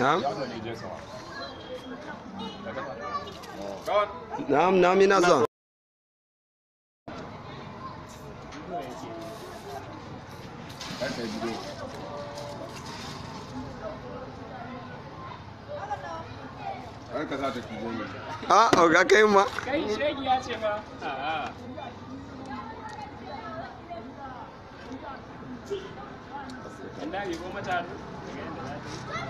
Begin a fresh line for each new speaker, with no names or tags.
نعم
نعم نعم ina
ma.
ma.